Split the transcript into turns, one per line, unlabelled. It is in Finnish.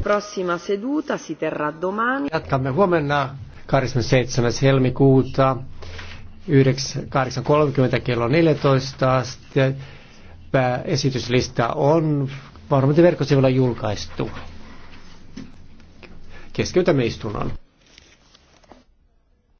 Prossima seduta si terrà domani.
Jatkamme huomenna 27. helmikuuta 8.30 kello 14 asti. Esityslista on varmasti verkkosivulla julkaistu. Keskeytämme istunnon.